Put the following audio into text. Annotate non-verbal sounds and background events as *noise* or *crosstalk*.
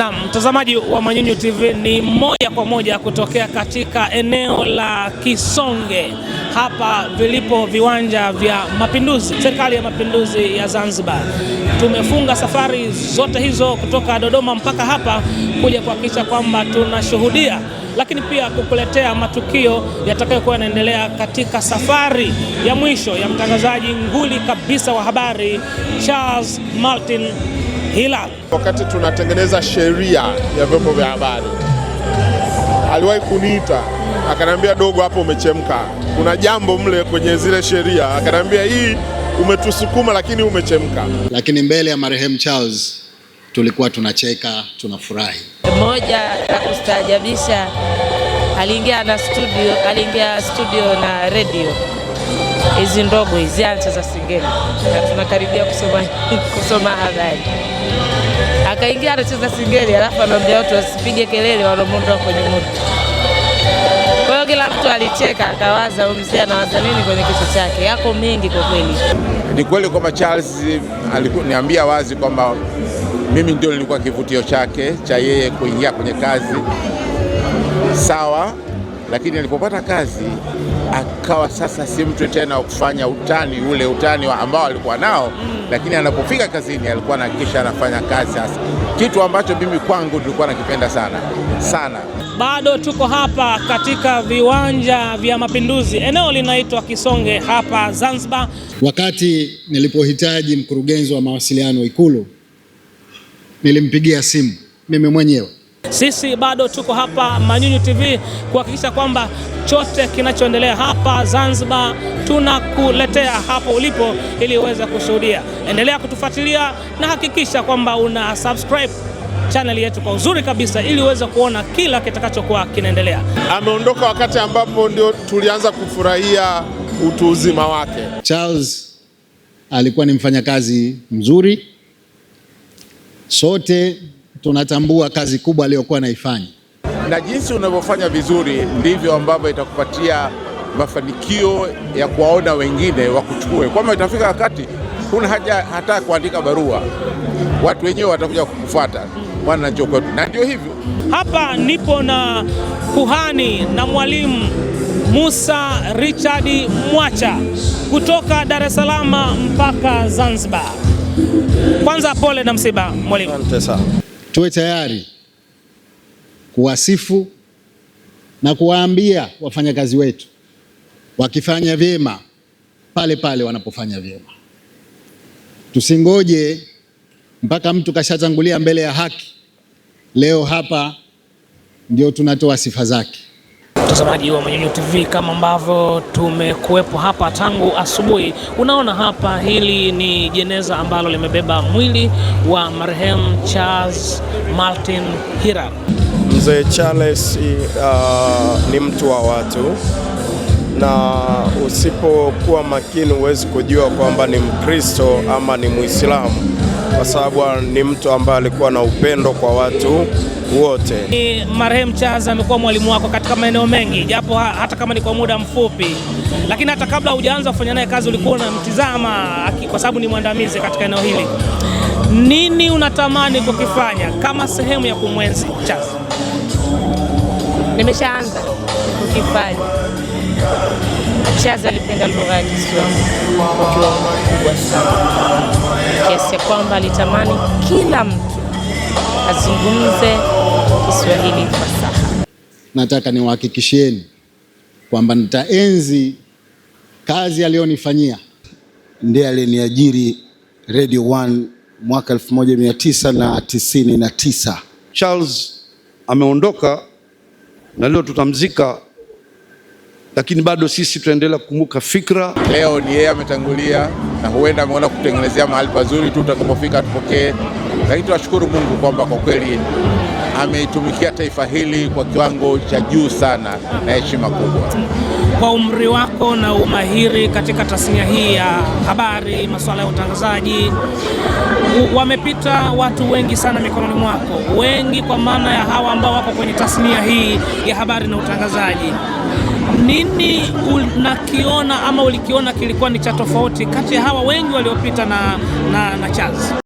Na mtazamaji wa Manyunyu TV ni moja kwa moja kutokea katika eneo la Kisonge hapa vilipo viwanja vya Mapinduzi, serikali ya Mapinduzi ya Zanzibar. Tumefunga safari zote hizo kutoka Dodoma mpaka hapa kuja kuhakikisha kwamba tunashuhudia lakini pia kukuletea matukio yatakayokuwa yanaendelea katika safari ya mwisho ya mtangazaji nguli kabisa wa habari Charles Martin Hilal. Wakati tunatengeneza sheria ya vyombo vya habari, aliwahi kuniita akaniambia, dogo, hapo umechemka, kuna jambo mle kwenye zile sheria. Akaniambia hii umetusukuma, lakini umechemka. Lakini mbele ya marehemu Charles tulikuwa tunacheka tunafurahi. mmoja la kustaajabisha, aliingia na studio, aliingia studio na redio hizi ndogo hizi ansa za singeli, tunakaribia kusoma *laughs* kusoma habari, akaingia anacheza singeli, alafu anaambia watu wasipige kelele, wanamondoa kwenye moto. Kwa hiyo kila mtu alicheka, akawaza huyu mzee anawaza nini kwenye kichwa chake. Yako mengi kwa kweli. Ni kweli kwamba Charles aliniambia wazi kwamba mimi ndio nilikuwa kivutio chake cha yeye kuingia kwenye kazi sawa lakini alipopata kazi akawa sasa si mtu tena wa kufanya utani ule utani ambao alikuwa nao, lakini anapofika kazini alikuwa anahakikisha anafanya kazi sasa, kitu ambacho mimi kwangu nilikuwa nakipenda sana sana. Bado tuko hapa katika viwanja vya Mapinduzi, eneo linaitwa Kisonge hapa Zanzibar. Wakati nilipohitaji mkurugenzi wa mawasiliano Ikulu, nilimpigia simu mimi mwenyewe sisi bado tuko hapa Manyunyu TV kuhakikisha kwamba chote kinachoendelea hapa Zanzibar tunakuletea hapo ulipo ili uweze kushuhudia. Endelea kutufuatilia na hakikisha kwamba una subscribe chaneli yetu kwa uzuri kabisa ili uweze kuona kila kitakachokuwa kinaendelea. Ameondoka wakati ambapo ndio tulianza kufurahia utu uzima wake. Charles alikuwa ni mfanyakazi mzuri sote tunatambua kazi kubwa aliyokuwa anaifanya, na jinsi unavyofanya vizuri ndivyo ambavyo itakupatia mafanikio ya kuwaona wengine wakuchukue, kwamba itafika wakati huna haja hata kuandika barua, watu wenyewe watakuja kukufuata mwana kwetu. Na ndio hivyo hapa nipo na kuhani na mwalimu Musa Richard Mwacha kutoka Dar es Salaam mpaka Zanzibar. Kwanza pole na msiba mwalimu. Asante sana tuwe tayari kuwasifu na kuwaambia wafanyakazi wetu wakifanya vyema pale pale wanapofanya vyema. Tusingoje mpaka mtu kashatangulia mbele ya haki. Leo hapa ndio tunatoa sifa zake mtazamaji wa Manyunyu TV, kama ambavyo tumekuwepo hapa tangu asubuhi, unaona hapa, hili ni jeneza ambalo limebeba mwili wa marehemu Charles Martin Hira. Mzee Charles uh, ni mtu wa watu na usipokuwa makini huwezi kujua kwamba ni Mkristo ama ni Mwislamu kwa sababu ni mtu ambaye alikuwa na upendo kwa watu wote. Marehemu Chaza amekuwa mwalimu wako katika maeneo mengi, japo hata kama ni kwa muda mfupi, lakini hata kabla hujaanza kufanya naye kazi ulikuwa unamtizama kwa sababu ni mwandamizi katika eneo hili. Nini unatamani kukifanya kama sehemu ya kumwenzi Chaza? Nimeshaanza kukifanya. Chaza alipenda lugha ya Kiswahili kwa kiwango kikubwa sana kiasi ya kwamba alitamani kila mtu azungumze Kiswahili fasaha. Nataka niwahakikishieni kwamba nitaenzi kazi aliyonifanyia. Ndiye aliniajiri Radio 1 mwaka 1999. Charles ameondoka na leo tutamzika lakini bado sisi tunaendelea kukumbuka fikra. Leo ni yeye ametangulia, na huenda ameona kutengenezea mahali pazuri tu, tutakapofika tupokee. Lakini tunashukuru Mungu kwamba kwa kweli ameitumikia taifa hili kwa kiwango cha juu sana na heshima kubwa kwa umri wako na umahiri katika tasnia hii ya habari, masuala ya utangazaji, wamepita watu wengi sana mikononi mwako, wengi kwa maana ya hawa ambao wako kwenye tasnia hii ya habari na utangazaji. Nini unakiona ama ulikiona kilikuwa ni cha tofauti kati ya hawa wengi waliopita na, na, na Charles?